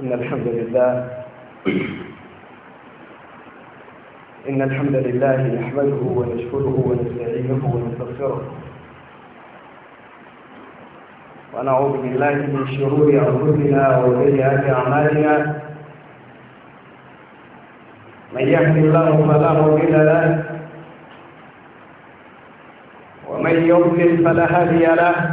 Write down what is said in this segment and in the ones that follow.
إن الحمد لله إن الحمد لله نحمده ونشكره ونستعينه ونستغفره ونعوذ بالله من شرور أنفسنا وسيئات أعمالنا من يهد الله فلا مضل له ومن يضلل فلا هادي له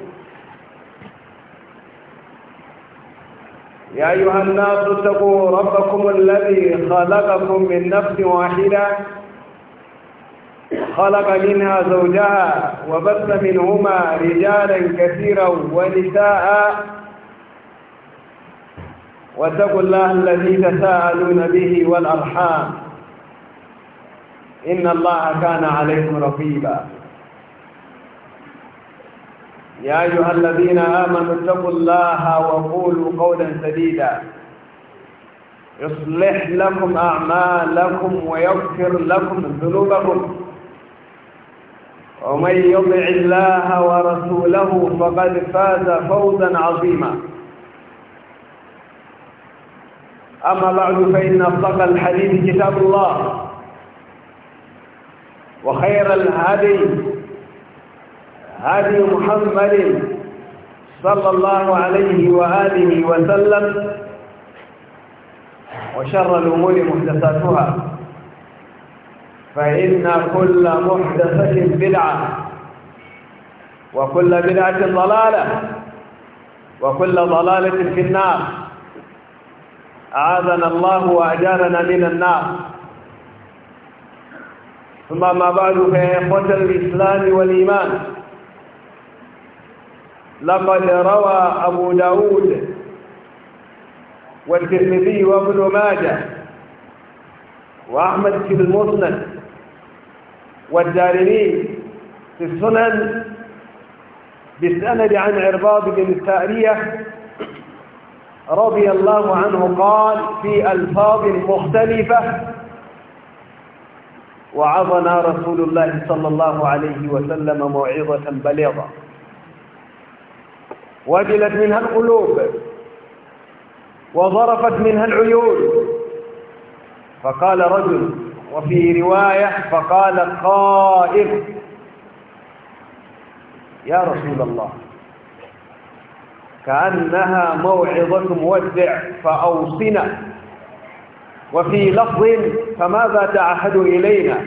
يا أيها الناس اتقوا ربكم الذي خلقكم من نفس واحدة خلق منها زوجها وبث منهما رجالا كثيرا ونساء واتقوا الله الذي تساءلون به والأرحام إن الله كان عليكم رقيبا يا أيها الذين آمنوا اتقوا الله وقولوا قولا سديدا يصلح لكم أعمالكم ويغفر لكم ذنوبكم ومن يطع الله ورسوله فقد فاز فوزا عظيما أما بعد فإن أصدق الحديث كتاب الله وخير الهدي هدي محمد صلى الله عليه وآله وسلم وشر الأمور محدثاتها فإن كل محدثة بدعة وكل بدعة ضلالة وكل ضلالة في النار أعاذنا الله وأجارنا من النار ثم ما بعد إخوة الإسلام والإيمان لقد روى أبو داود والترمذي وابن ماجه وأحمد في المسند والدارمي في السنن بالسند عن عرباض بن السارية رضي الله عنه قال في ألفاظ مختلفة وعظنا رسول الله صلى الله عليه وسلم موعظة بليغة وجلت منها القلوب وظرفت منها العيون فقال رجل وفي رواية فقال قائل يا رسول الله كأنها موعظة مودع فأوصنا وفي لفظ فماذا تعهد إلينا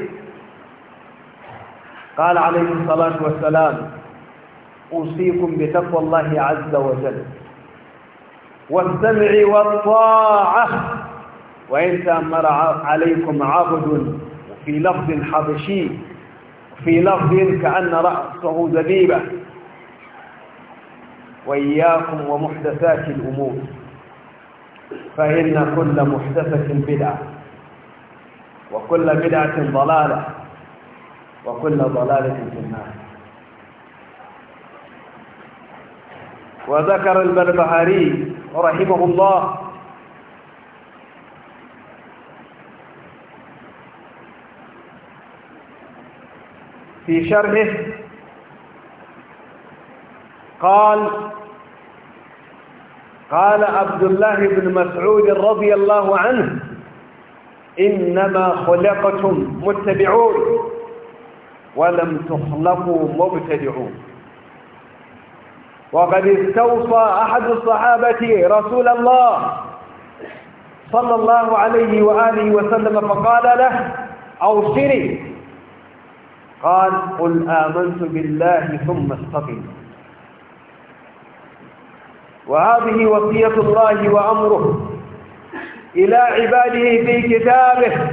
قال عليه الصلاة والسلام أوصيكم بتقوى الله عز وجل والسمع والطاعة وإن تأمر عليكم عبد في لفظ حبشي في لفظ كأن رأسه زبيبة وإياكم ومحدثات الأمور فإن كل محدثة بدعة وكل بدعة ضلالة وكل ضلالة في النار وذكر البلبهاري رحمه الله في شرحه قال قال عبد الله بن مسعود رضي الله عنه إنما خلقتم متبعون ولم تخلقوا مبتدعون وقد استوصى أحد الصحابة رسول الله صلى الله عليه وآله وسلم فقال له أوصري قال قل آمنت بالله ثم استقم وهذه وصية الله وأمره إلى عباده في كتابه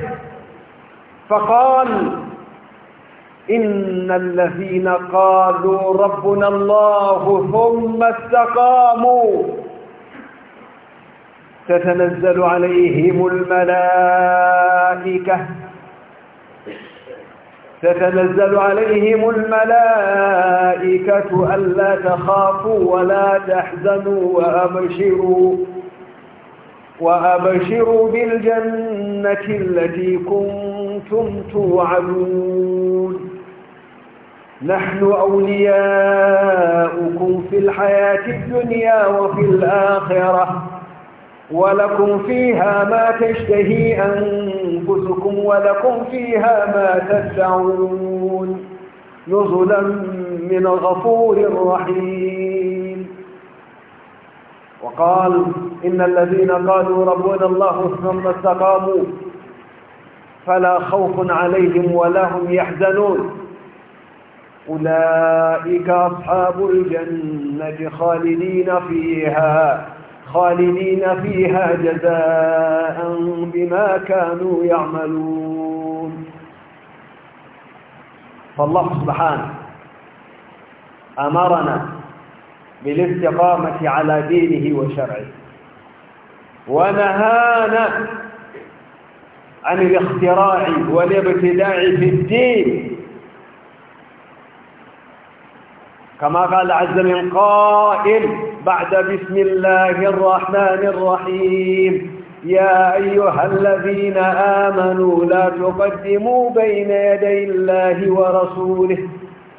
فقال إن الذين قالوا ربنا الله ثم استقاموا تتنزل عليهم الملائكة تتنزل عليهم الملائكة ألا تخافوا ولا تحزنوا وأبشروا وأبشروا بالجنة التي كنتم توعدون نحن أولياؤكم في الحياة الدنيا وفي الآخرة ولكم فيها ما تشتهي أنفسكم ولكم فيها ما تدعون نزلا من الغفور الرحيم وقال إن الذين قالوا ربنا الله ثم استقاموا فلا خوف عليهم ولا هم يحزنون أولئك أصحاب الجنة خالدين فيها خالدين فيها جزاء بما كانوا يعملون فالله سبحانه أمرنا بالاستقامة على دينه وشرعه ونهانا عن الاختراع والابتداع في الدين كما قال عز من قائل بعد بسم الله الرحمن الرحيم يا أيها الذين آمنوا لا تقدموا بين يدي الله ورسوله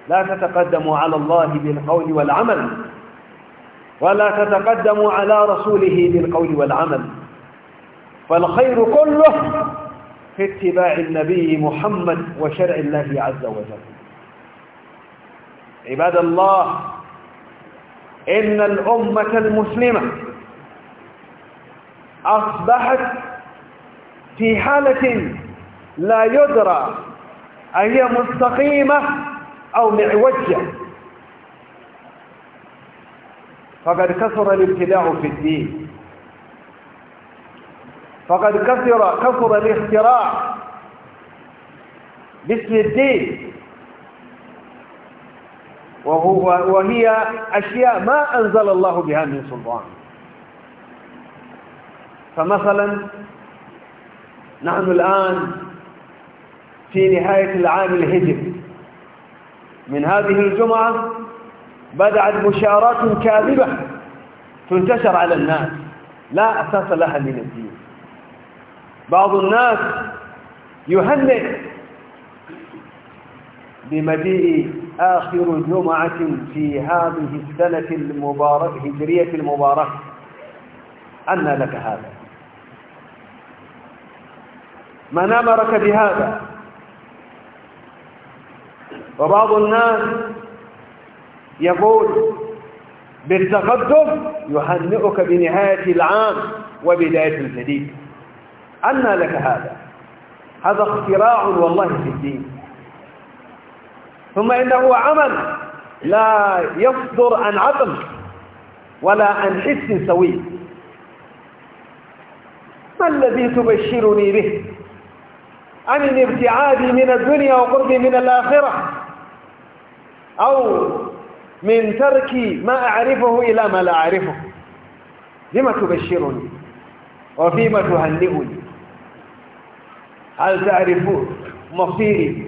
لا تتقدموا على الله بالقول والعمل ولا تتقدموا على رسوله بالقول والعمل فالخير كله في اتباع النبي محمد وشرع الله عز وجل عباد الله إن الأمة المسلمة أصبحت في حالة لا يدرى أهي مستقيمة أو معوجة فقد كثر الابتداع في الدين فقد كثر كثر الاختراع باسم الدين وهو وهي أشياء ما أنزل الله بها من سلطان فمثلا نحن الآن في نهاية العام الهجري من هذه الجمعة بدأت بشارات كاذبة تنتشر على الناس لا أساس لها من الدين بعض الناس يهنئ بمجيء آخر جمعة في هذه السنة المباركة هجرية المباركة أن لك هذا من أمرك بهذا وبعض الناس يقول بالتقدم يهنئك بنهاية العام وبداية الجديد أن لك هذا هذا اختراع والله في الدين ثم إنه عمل لا يصدر عن عقل ولا عن حس سوي ما الذي تبشرني به عن الابتعاد من الدنيا وقربي من الآخرة أو من ترك ما أعرفه إلى ما لا أعرفه لما تبشرني وفيما تهنئني هل تعرف مصيري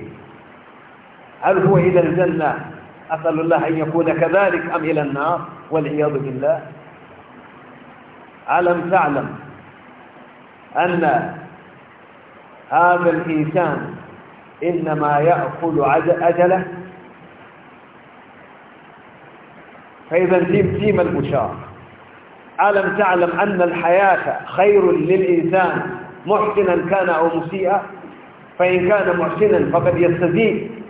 هل هو إلى الجنة أسأل الله أن يكون كذلك أم إلى النار والعياذ بالله ألم تعلم أن هذا الإنسان إنما يأكل أجله فإذا تيم تيم المشار ألم تعلم أن الحياة خير للإنسان محسنا كان أو مسيئا فإن كان محسنا فقد يستزيد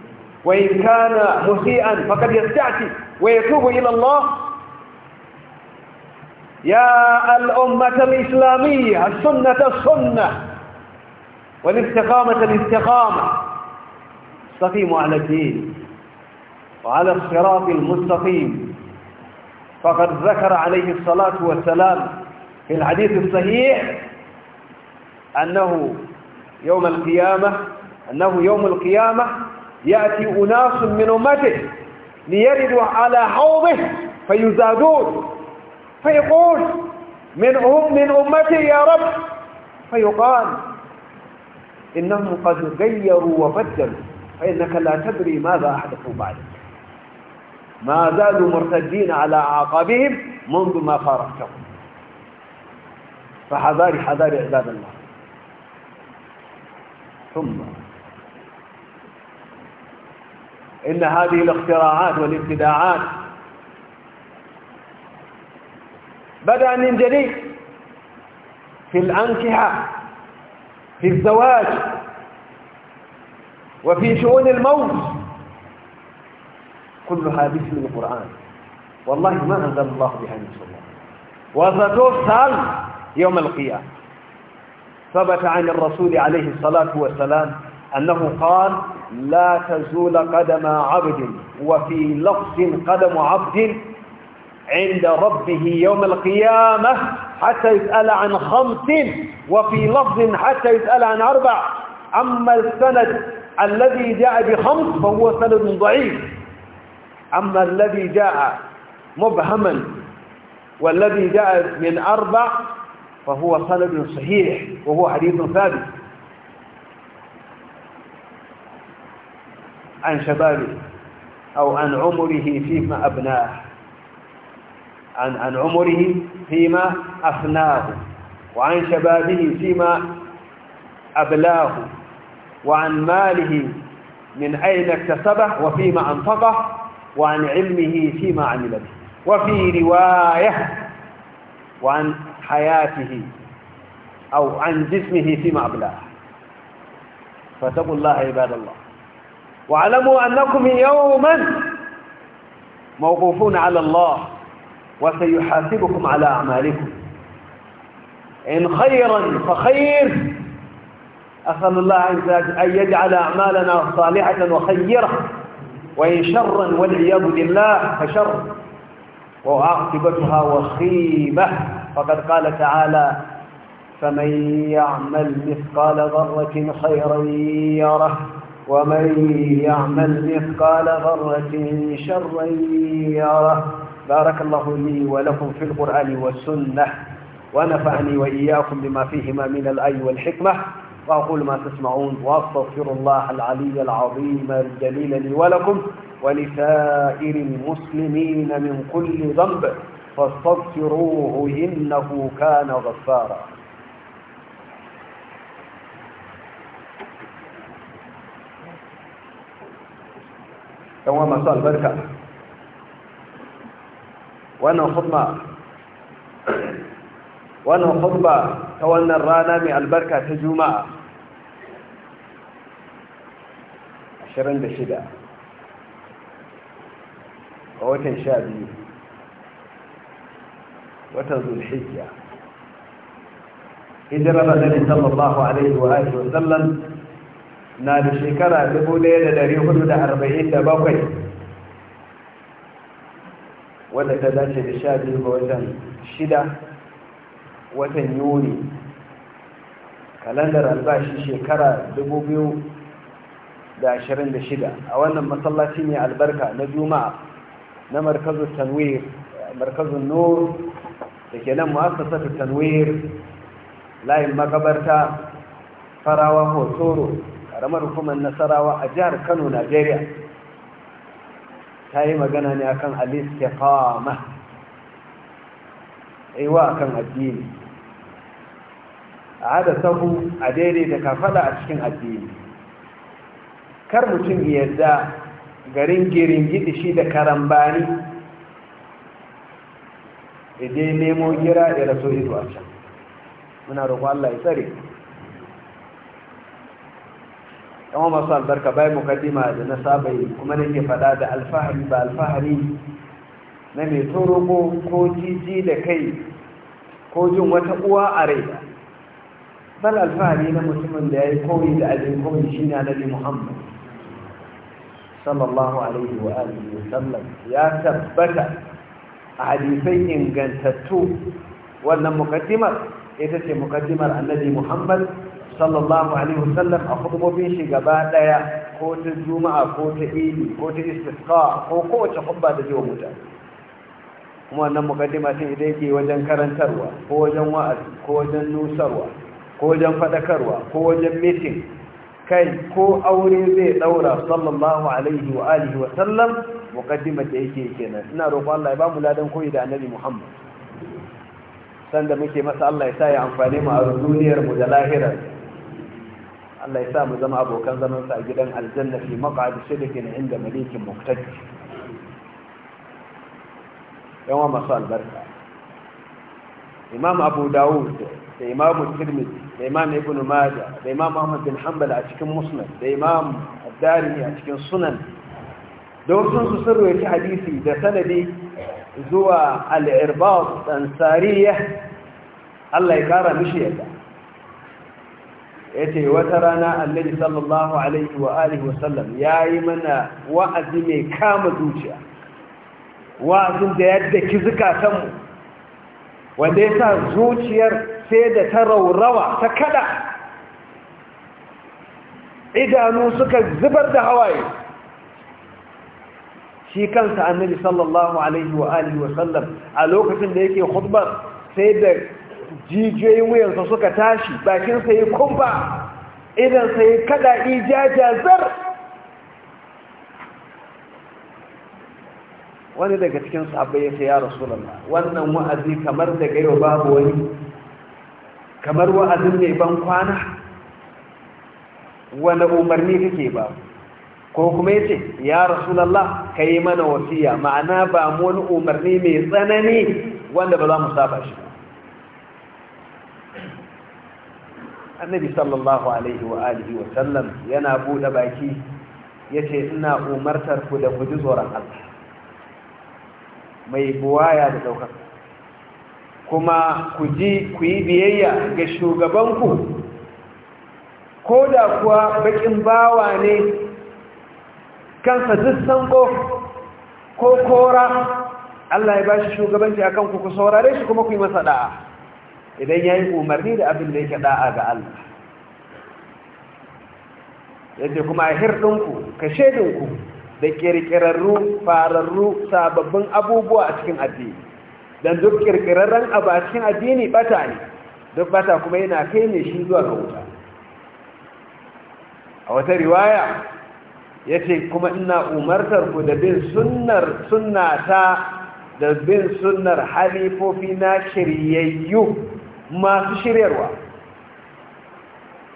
وإن كان مسيئا فقد يستعتي ويتوب إلى الله يا الأمة الإسلامية السنة السنة والاستقامة الاستقامة استقيموا على الدين وعلى الصراط المستقيم فقد ذكر عليه الصلاة والسلام في الحديث الصحيح أنه يوم القيامة أنه يوم القيامة يأتي أناس من أمته ليردوا على حوضه فيزادون فيقول من أم من أمتي يا رب فيقال إنهم قد غيروا وبدلوا فإنك لا تدري ماذا أحدثوا بعدك ما زالوا مرتدين على أعقابهم منذ ما فارقتهم فحذاري حذاري عباد الله ثم إن هذه الاختراعات والابتداعات بدأ من جديد في الأنكحة في الزواج وفي شؤون الموت كلها باسم القرآن والله ما أنزل الله بها من سلطان وسترسل يوم القيامة ثبت عن الرسول عليه الصلاة والسلام أنه قال لا تزول قدم عبد وفي لفظ قدم عبد عند ربه يوم القيامة حتى يسأل عن خمس وفي لفظ حتى يسأل عن أربع أما السند الذي جاء بخمس فهو سند ضعيف أما الذي جاء مبهما والذي جاء من أربع فهو سند صحيح وهو حديث ثابت عن شبابه أو عن عمره فيما أبناه عن عن عمره فيما أفناه وعن شبابه فيما أبلاه وعن ماله من أين اكتسبه وفيما أنفقه وعن علمه فيما عمل به وفي رواية وعن حياته أو عن جسمه فيما أبلاه فاتقوا الله عباد الله واعلموا أنكم يوما موقوفون على الله وسيحاسبكم على أعمالكم إن خيرا فخير أسأل الله عز وجل أن يجعل أعمالنا صالحة وخيرة وإن شرا والعياذ بالله فشر وعاقبتها وخيمة فقد قال تعالى فمن يعمل مثقال ذرة خيرا يره ومن يعمل مثقال ذرة شرا يره بارك الله لي ولكم في القرآن والسنة ونفعني وإياكم بما فيهما من الأي والحكمة وأقول ما تسمعون وأستغفر الله العلي العظيم الجليل لي ولكم ولسائر المسلمين من كل ذنب فاستغفروه إنه كان غفارا yan wa masu albarka wannan khutba wannan khutba ta wannan rana mai albarka ta juma'a 26 ga watan 12 watan zulhijja hijirar da sallallahu alaihi wa alihi wa sallam na da shekara 1447 wadda ta dace da sha biyu ga watan shida watan yuni kalandar albashi shekara 2026 a wannan masallaci ne albarka na juma'a na markazin tanwir markazin nur da ke nan mu'assasar tanwir layin makabarta farawa hotoro karamar hukumar nasarawa a jihar kano najeriya ta yi magana ne akan alistikama aiwa akan addini a hada sahu a daidai da kafada a cikin addini kar mutum yadda garin girin gidi shi da karambani idai nemo gira ya rasu ido a can muna roƙo Allah ya tsare yan masu albarka bai mukaddima da na saba yi kuma nake faɗa da alfahari ba alfahari na mai toroko ko jiji da kai ko jin wata uwa a rai bal alfahari na mutumin da ya yi koyi da abin koyi shi ne nabi muhammad sallallahu alaihi wa alihi wa sallam ya tabbata a hadisai ingantattu wannan mukaddimar ita ce mukaddimar annabi muhammad sallallahu alaihi wasallam a hudubobin shi gaba daya ko ta juma'a ko ta idi ko ta istisqa ko kowace hubba da jiwa mutane kuma wannan mukaddima sai idan yake wajen karantarwa ko wajen wa'azi ko wajen nusarwa ko wajen fadakarwa ko wajen mitin kai ko aure zai daura sallallahu alaihi wa alihi wa sallam mukaddima da yake kenan ina roƙon Allah ya ba mu ladan koyi da annabi Muhammad sanda muke masa Allah ya sa ya amfane mu a duniyar mu da lahirar Allah ya sa mu zama abokan zaman a gidan aljanna fi maq'ad sidqin inda malikin muqtadi yawa masu albarka imam abu dawud da imam tirmidhi da imam ibn majah da imam ahmad bin hanbal a cikin musnad da imam ad-darimi a cikin sunan da wasu su sun hadisi da sanadi zuwa al-irbad Allah ya kara mishi yadda yace wata rana annabi sallallahu alaihi wa alihi wasallam yayi mana wa'azi mai kama zuciya wa'azin da yadda ki zukatan wanda yasa zuciyar sai da ta raurawa ta kada idanu suka zubar da hawaye shi kansa annabi sallallahu alaihi wa alihi wasallam a lokacin da yake khutbar sai da jijiyoyin wuyansa suka tashi bakinsa yi kumba idan idansa yi kada zar wani daga cikin sahabbai ya ce ya rasulallah wannan wa'azi kamar daga yau babu wani kamar wa'azin mai ban kwana wani umarni kake ba ko kuma ya ce ya rasulallah ka yi mana wasiya ma'ana ba mu wani umarni mai tsanani wanda ba za mu saba shi annabi sallallahu alaihi wa alihi wa sallam yana bude baki yace ina umartar ku da ku ji tsoron Allah mai buwaya da daukar kuma ku ji ku yi biyayya ga shugabanku ko da kuwa bakin bawa ne kansa duk sanko ko kora Allah ya bashi shi shugabanci akan ku ku saurare shi kuma ku yi masa da'a idan ya yi umarni da abin da yake da'a ga Allah yadda kuma hirɗinku ka shaidinku da ƙirƙirarru fararru sababbin abubuwa a cikin addini don duk ƙirƙirarren abu a cikin addini ɓata ne duk ɓata kuma yana kai mai shi zuwa ga wuta a wata riwaya ya ce kuma ina umartar ku da bin sunnar sunnata da bin sunnar halifofi na shiryayyu masu shiryarwa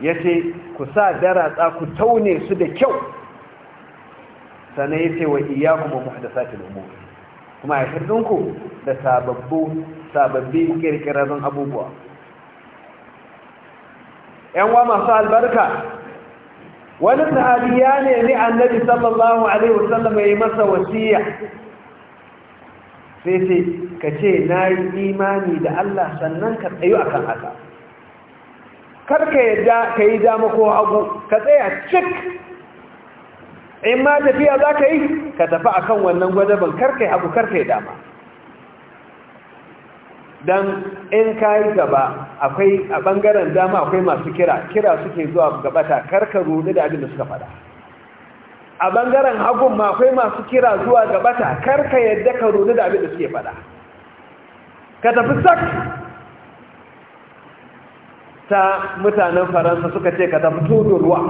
ya ce ku sa daratsa ku taune su da kyau sanai ya ce wa iya kuma muhdasatul umur kuma a shirdinku da sababbu sababbi kirkirarrun abubuwa yan wa masu albarka wani sahabi ya nemi annabi sallallahu alaihi wasallam ya yi masa wasiya sai ce ka ce na yi imani da Allah sannan ka tsayu a kan haka kar ka yi dama ko hagu ka tsaya cik in ma tafiya za ka yi ka tafi a kan wannan gwadabin kar ka yi hagu kar ka yi dama don in ka yi gaba akwai a bangaren dama akwai masu kira kira suke zuwa gabata kar ka rudu da abin da suka fada a bangaren hagun makwai masu kira zuwa gabata, bata kar ka yadda ka roni da abin da suke fada ka tafi sak ta mutanen faransa suka ce ka tafi tudurwa. ruwa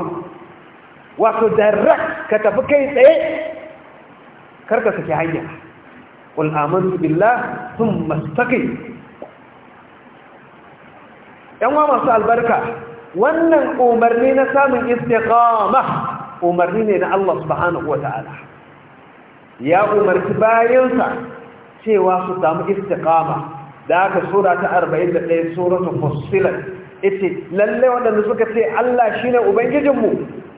wato direct ka tafi kai tsaye kar ka saki hanya qul amantu billah thumma istaqim yan wa masu albarka wannan umarni na samun istiqama umarni ne na Allah subhanahu wata'ala ya umarci bayansa cewa su samu istiqama da aka sura ta 41 suratul fussilat ita lalle waɗanda suka ce Allah shine ubangijinmu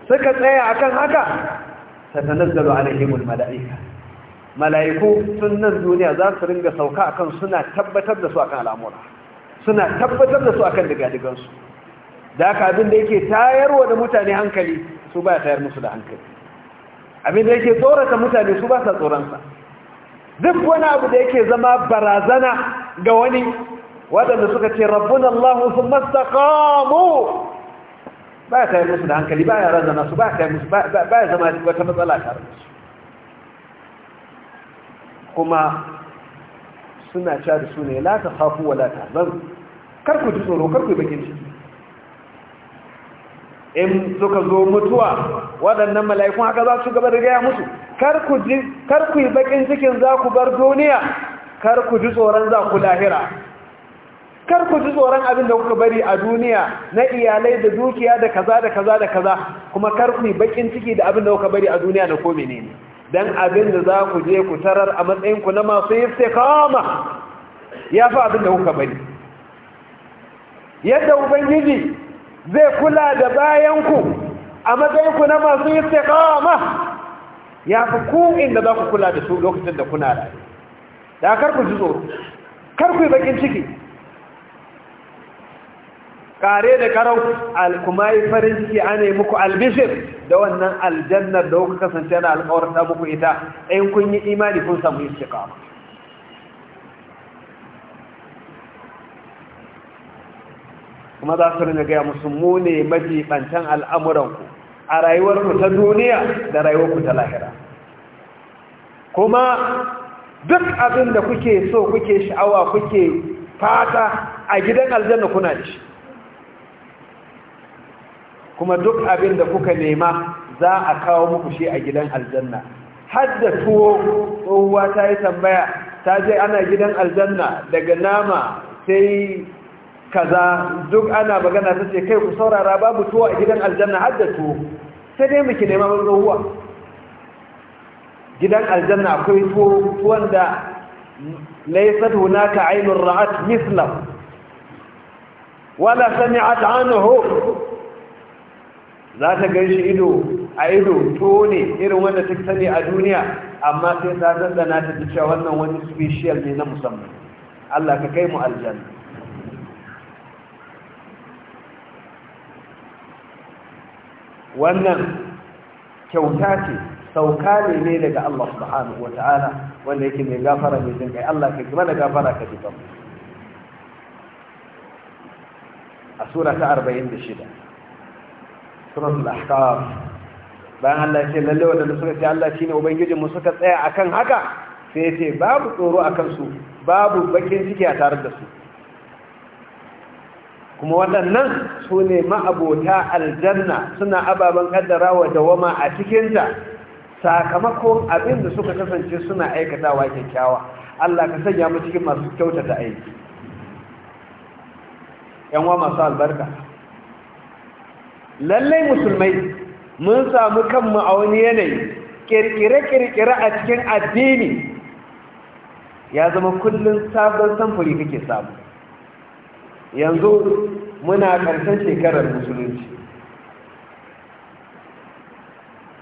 suka tsaya akan haka satanazzalu alaihimul malaika malaiku sun nan duniya za su ringa sauka akan suna tabbatar da su akan al'amura suna tabbatar da su akan digadigansu da aka abin da yake tayarwa da mutane hankali su ba tayar musu da hankali abin da yake tsorata mutane su ba sa tsoronsa duk wani abu da yake zama barazana ga wani waɗanda suka ce rabbun Allah sun mastakamu ba ya tayar musu da hankali ba ya razana su ba ya zama wata matsala a da su kuma suna sha da su ne la ta hafu wa la ta zan karku ji tsoro karku bakin ciki in suka zo mutuwa waɗannan mala'ikun haka za su gaba da gaya musu kar ku yi bakin cikin za ku bar duniya kar ku ji tsoron za ku lahira kar ku ji tsoron abin da kuka bari a duniya na iyalai da dukiya da kaza da kaza da kaza kuma kar ku yi bakin ciki da abin da kuka bari a duniya na komi ne. Don abin da za ku je ku tarar a matsayinku na masu kama. ya fi abin da kuka bari yadda ubangiji zai kula da bayanku a matsayinku na masu istiqama ya fi ku inda za ku kula da su lokacin da kuna rayu da kar ku ji tsoro kar yi bakin ciki kare da karau kuma yi farin ciki a ne muku albishir da wannan aljannar da kuka kasance na alkawar muku ita in kun yi imani kun samu istiqama kuma za su ringa gaya musu mu ne majibantan al'amuranku a rayuwarku ta duniya da rayuwarku ta lahira kuma duk abin da kuke so kuke sha'awa kuke fata a gidan aljanna kuna da kuma duk abin da kuka nema za a kawo muku shi a gidan aljanna hadda tuwo tsohuwa ta yi tambaya ta je ana gidan aljanna daga nama sai kaza duk ana magana ta ce kai ku saurara babu tuwo a gidan aljanna har da tuwo sai dai muke nema ruwa gidan aljanna akwai tuwo wanda da laysat hunaka aynun ra'at mithlahu wala sami'at anhu za ta shi ido a ido tuwo ne irin wanda take sani a duniya amma sai ta dandana ta ce wannan wani special ne na musamman Allah ka kai mu aljanna wannan kyauta ce sauka ne ne daga Allah subhanahu wata'ala wanda yake mai gafara mai jin kai Allah ka kima da gafara ka jikan a sura ta 46 al ahqaf bayan Allah ya ce lalle wanda suka ce Allah shine ubangijin mu suka tsaya akan haka sai ya ce babu tsoro akan su babu bakin ciki a tare da su kuma waɗannan su ne ma'abota aljanna suna ababen ƙaddarawa da dawama a cikinta sakamakon abin da suka kasance suna aikatawa kyakkyawa Allah ka sanya mu cikin masu kyautata aiki yanwa masu albarka lallai musulmai mun samu kanmu a wani yanayi ƙirƙire-ƙirƙire a cikin addini ya zama kullum sabon samfuri kake samu yanzu muna ƙarshen shekarar musulunci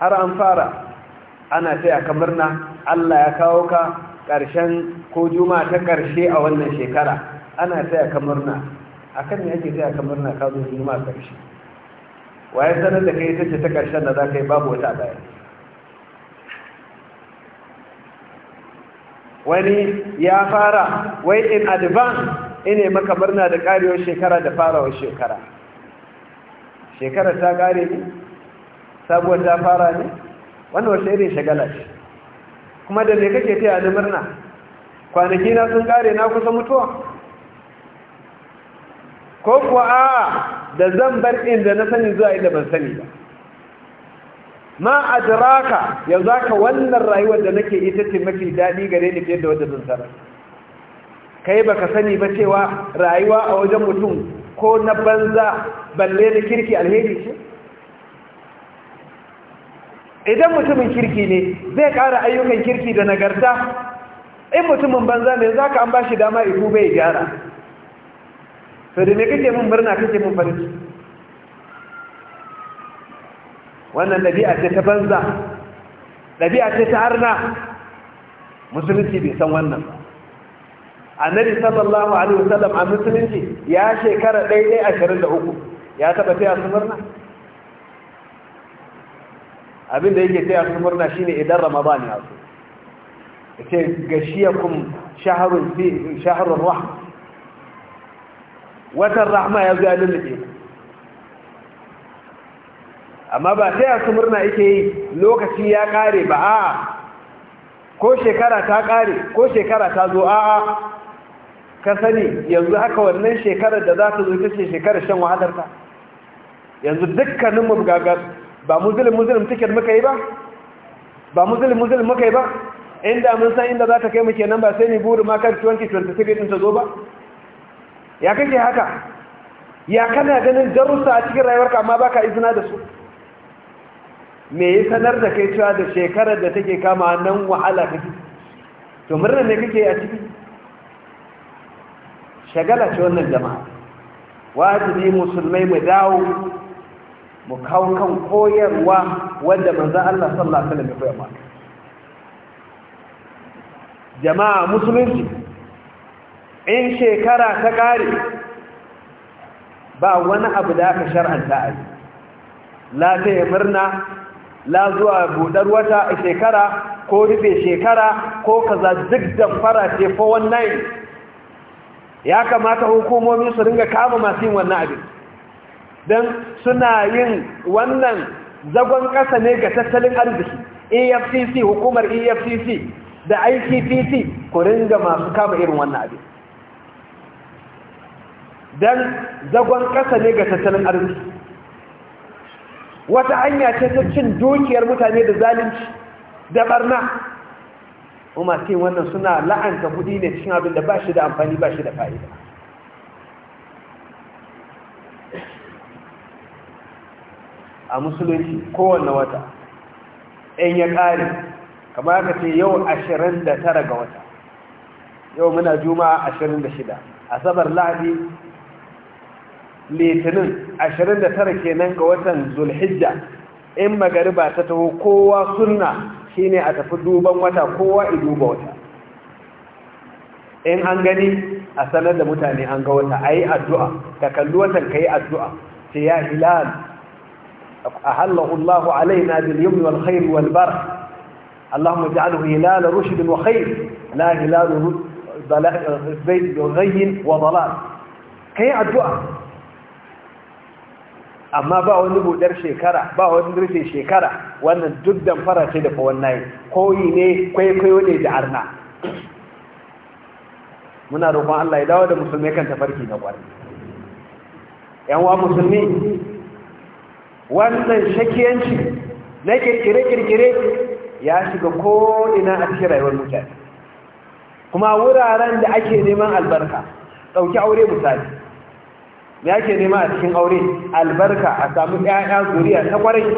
har an fara ana taya kamar na allah ya kawo ka ƙarshen ko juma ta ƙarshe a wannan shekara ana taya kamar na a kan ne ake a kamar na ka zo juma ƙarshe waye sanar da kai ita ce ta ƙarshen da za ka yi babu wata baya wani ya fara wai in advance ine maka murna da karewar shekara da farawar shekara shekara ta kare ne sabuwar ta fara ne wannan wasu irin shagala ce kuma da me kake taya ni murna kwanaki na sun kare na kusa mutuwa ko kuwa a'a da zan bar inda na sani zuwa inda ban sani ba ma adraka yanzu zaka wannan rayuwar da nake ita ce mafi daɗi gare ni fiye da wadda zan sarar kai baka sani ba cewa rayuwa a wajen mutum ko na banza balle da kirki alheri ce idan mutumin kirki ne zai ƙara ayyukan kirki da nagarta in mutumin banza ne za ka an ba shi dama iku bai gyara sau da me kake mun murna kake mun farki wannan ɗabi'a ce ta banza ɗabi'a ce ta arna musulunci bai san wannan ba annabi sallallahu alaihi wasallam a musulunci ya shekara daidai ashirin da uku ya taɓa taya su murna abin da yake taya su murna shine idan ramadan ya zo ce gashiyakum shahrun fi shahrur rahma Wata rahma ya zo ya lullube amma ba taya su murna yake yi lokaci ya kare ba a ko shekara ta kare ko shekara ta zo a'a ka sani yanzu haka wannan shekarar da za ta zo ita ce shekarar shan wahalarta yanzu dukkanin mu gaga ba muslim muslim tiket muka yi ba ba muslim muslim muka yi ba inda mun san inda za ta kai mu kenan ba sai ni buru ma kan 2023 din ta zo ba ya kake haka ya kana ganin darussa a cikin rayuwarka amma baka izina da su me ya sanar da kai cewa da shekarar da take kama nan wahala kake to murna ne kake a ciki shagala ce wannan jama'a wajibi musulmai mu dawo mu kawo kan koyarwa wanda manzo Allah sallallahu alaihi wasallam ya koyar mana jama'a musulunci in shekara ta kare ba wani abu da aka shar'anta a yi la ta yi murna la zuwa budar wata shekara ko rufe shekara ko kaza duk da fara ce 419 ya kamata hukumomi su ringa kama masu yin wannan abin don suna yin wannan zagon ƙasa ne ga tattalin arziki efcc hukumar efcc da icpc ku ringa masu kama irin wannan abin don zagon ƙasa ne ga tattalin arziki wata hanya ce ta cin dukiyar mutane da zalunci da barna kuma ce wannan suna la'anta kuɗi ne cikin abin da ba shi da amfani ba shi da fa'ida a musulunci kowane wata ɗan ya ƙare kamar ka ce yau ashirin da tara ga wata yau muna juma'a ashirin da shida asabar lahadi litinin ashirin da tara kenan ga watan zulhijja in magariba ta taho kowa sunna shine a tafi duban wata kowa i duba wata in an gani a sanar da mutane an ga wata ayi addu'a ka kalli watan yi addu'a ce ya hilal ahallahu Allahu alaina bil yumni wal khair wal bar اللهم wa هلال رشد وخير لا هلال زيد غي وضلال كي addu'a. amma ba wani budar shekara ba wani rufe shekara wannan duk damfara ce da fawon nayi koyi ne kwaikwayo ne da arna muna roƙon Allah ya dawo da musulmai kan tafarki na ƙwari yan wa musulmi wannan shakiyanci na kirkire-kirkire ya shiga ko'ina a cikin rayuwar mutane kuma wuraren da ake neman albarka ɗauki aure misali me ake nema a cikin aure albarka a samu ƴaƴa zuriya ta kwarai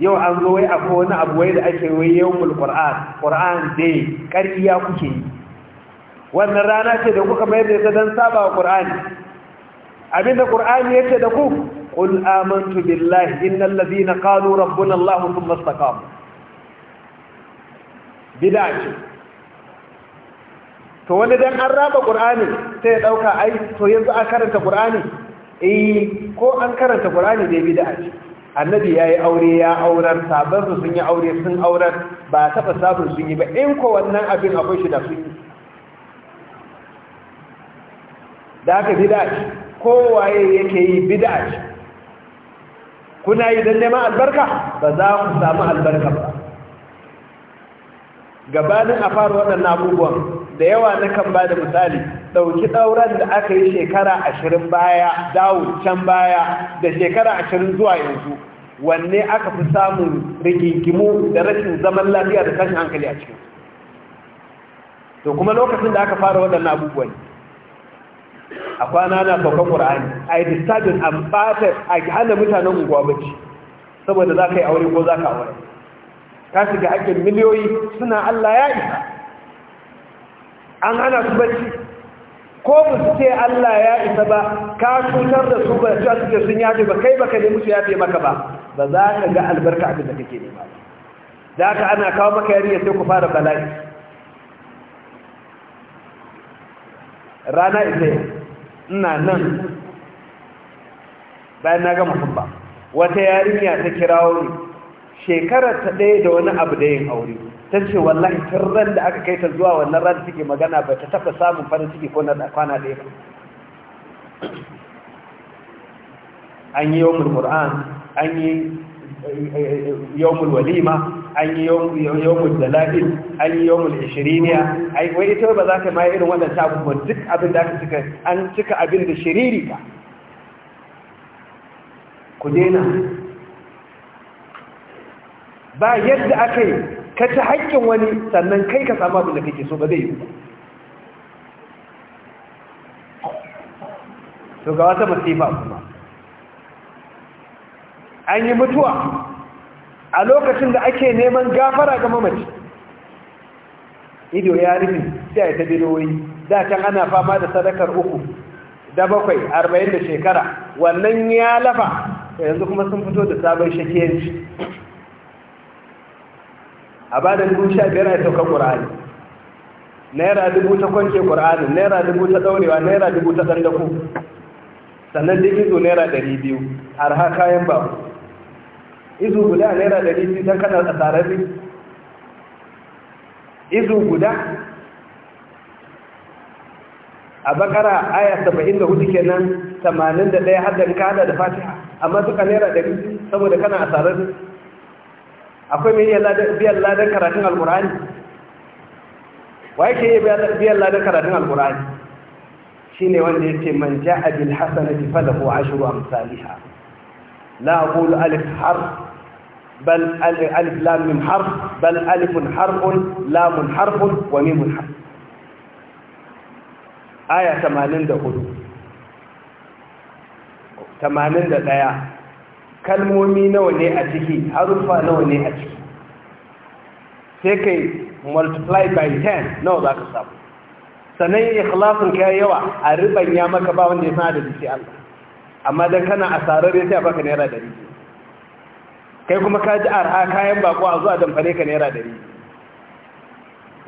yau an zo wai akwai wani abu wai da ake wai mul qur'an qur'an day ya kuke wannan rana ce da kuka mayar da ita dan saba wa qur'ani abinda qur'ani yake da ku qul amantu billahi innal ladina qalu rabbuna allah thumma istaqamu bid'a to wani dan an raba ƙur'ani sai ya ɗauka ai to yanzu an karanta ƙur'ani eh ko an karanta ƙur'ani dai bid'a ce annabi ya yi aure ya auren su sun yi aure sun auren ba taɓa sabon sun yi ba in ko wannan abin akwai shi da su da ka bid'a ce waye yake yi bid'a ce kuna yi dan neman albarka ba za ku samu albarka ba gabanin a faru waɗannan abubuwan da yawa na kan ba da misali ɗauki ɗauran da aka yi shekara ashirin baya dawo can baya da shekara ashirin zuwa yanzu wanne aka fi samun rigingimu da rashin zaman lafiya da tashin hankali a cikin to kuma lokacin da aka fara waɗannan abubuwan a kwana na saukan ƙura'ani a yi distajin a ɓata a hana mutanen unguwa bacci saboda za ka yi aure ko za ka aure ka shiga haƙƙin miliyoyi suna allah ya isa an hana su bacci ko mu su ce Allah ya isa ba ka cutar da su ba su ce sun yafe ba kai baka ne musu yafe maka ba ba za ka ga albarka abin da kake nema da ka ana kawo maka yariya sai ku fara bala'i rana ita ina nan bayan na gama sun ba wata yarinya ta kirawo ne shekarar ta ɗaya da wani abu da yin aure ta ce wallahi tun ran da aka kai ta zuwa wannan ran suke magana ba ta taba samun farin ciki ko na kwana ɗaya ba an yi yawon mulmur'an an yi eh, eh, eh, yawon walima an yi yawon dalabin an yi yawon ishiriniya wai ita ba za ka maye irin wannan ba duk abin da aka cika an cika abin da shiriri ka ku dena ba yadda aka yi ka ci haƙƙin wani sannan kai ka samu abin da kake so ba zai yi to ga wata masifa kuma an yi mutuwa a lokacin da ake neman gafara ga mamaci ido ya rufe sai ya ta biroyi da can ana fama da sadakar uku da bakwai arba'in da shekara wannan ya lafa yanzu kuma sun fito da sabon shakiyanci a ba da dubu sha biyar a sauka ƙur'ani naira dubu ta kwanke ƙur'ani naira dubu ta ɗaurewa naira dubu ta ɗandaku sannan duk izo naira ɗari biyu arha kayan ba. izu guda naira ɗari biyu don kana biyu izu guda a bakara aya saba'in da hudu kenan tamanin da ɗaya haddan kada da fatiha amma duka naira ɗari saboda kana a tsararri akwai mai biyan ladan karatun alkur'ani wa yake yi biyan ladan karatun alkur'ani shi ne wanda ya ce man ja'a bil hasanati falahu ashru amsalha la aqulu alif harf بل ألف لام من حرف بل ألف حرف لام حرف وميم حرف آية 84 81 kalmomi nawa ne a ciki harufa nawa ne a ciki sai kai multiply by 10 nawa za ka samu sannan ikhlasin ka yawa a ya maka ba wanda ya sana da jiki Allah amma don kana tsarar ya sai baka naira dari kai kuma ka ji arha kayan bako a zuwa damfare ka naira dari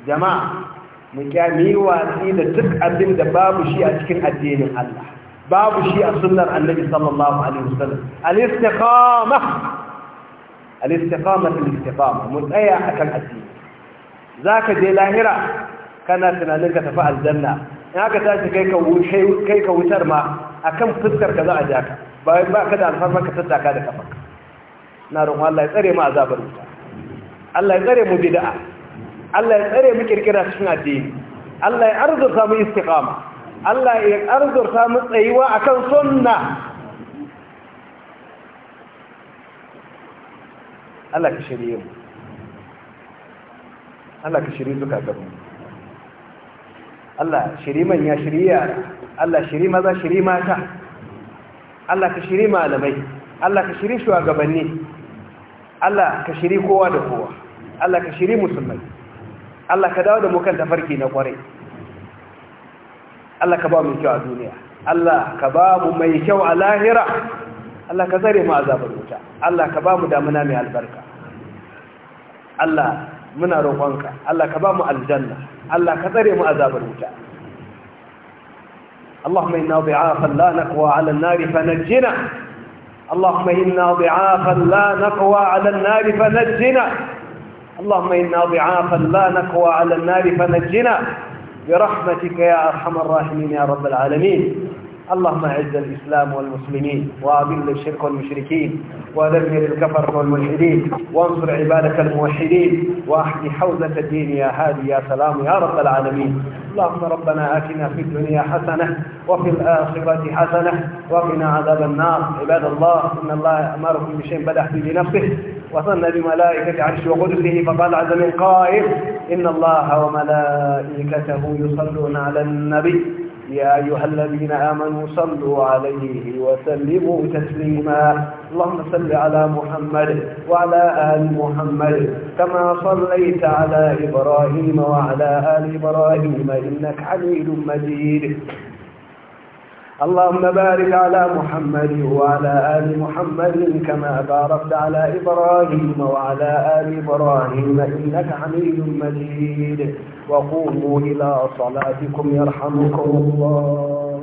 jama'a mu kya kyami watsi da duk abin da babu shi a cikin addinin Allah babu shi a sunnar annabi sallallahu alaihi wasallam al-istiqama al-istiqama al-istiqama mu tsaya akan addini zaka je lahira kana tunanin ka tafi aljanna in aka tashi kai ka wuce kai ka wutar ma akan fuskar ka za a ja ka ba ba ka da alfarma ka tattaka da kafa na roƙon Allah ya tsare mu azabar wuta Allah ya tsare mu bid'a Allah ya tsare mu kirkira cikin addini Allah ya arzuta mu istiqama Allah ya arzurta mu tsayuwa akan sunna Allah ka shirye mu Allah ka shirye duka gaban Allah shirye manya shirye yara Allah shirye maza shirye mata Allah ka shirye malamai Allah ka shirye shugabanni Allah ka shirye kowa da kowa Allah ka shirye musulmai Allah ka dawo da mu kan tafarki na kwarai Allah ka ba mu kyau a duniya Allah ka ba mu mai kyau a lahira Allah ka zare mu azabar wuta Allah ka ba mu damuna mai albarka Allah muna roƙonka Allah ka ba mu aljanna Allah ka tsare mu azabar wuta اللهم إنا ضعافا لا نقوى على النار فنجنا اللهم إنا ضعافا لا نقوى على النار فنجنا اللهم إنا ضعافا لا نقوى على النار فنجنا برحمتك يا أرحم الراحمين يا رب العالمين اللهم اعز الإسلام والمسلمين وأذل الشرك والمشركين ودمر الكفر والملحدين وانصر عبادك الموحدين واحمي حوزة الدين يا هادي يا سلام يا رب العالمين اللهم ربنا آتنا في الدنيا حسنة وفي الآخرة حسنة وقنا عذاب النار عباد الله إن الله أمركم بشيء بدأ بنفسه نفسه وصلنا بملائكة عرش وقدسه فقال عز من قائل إن الله وملائكته يصلون على النبي يا أيها الذين آمنوا صلوا عليه وسلموا تسليما اللهم صل على محمد وعلى آل محمد كما صليت على إبراهيم وعلى آل إبراهيم إنك حميد مجيد اللهم بارك على محمد وعلى آل محمد كما باركت على إبراهيم وعلى آل إبراهيم إنك حميد مجيد وقوموا إلى صلاتكم يرحمكم الله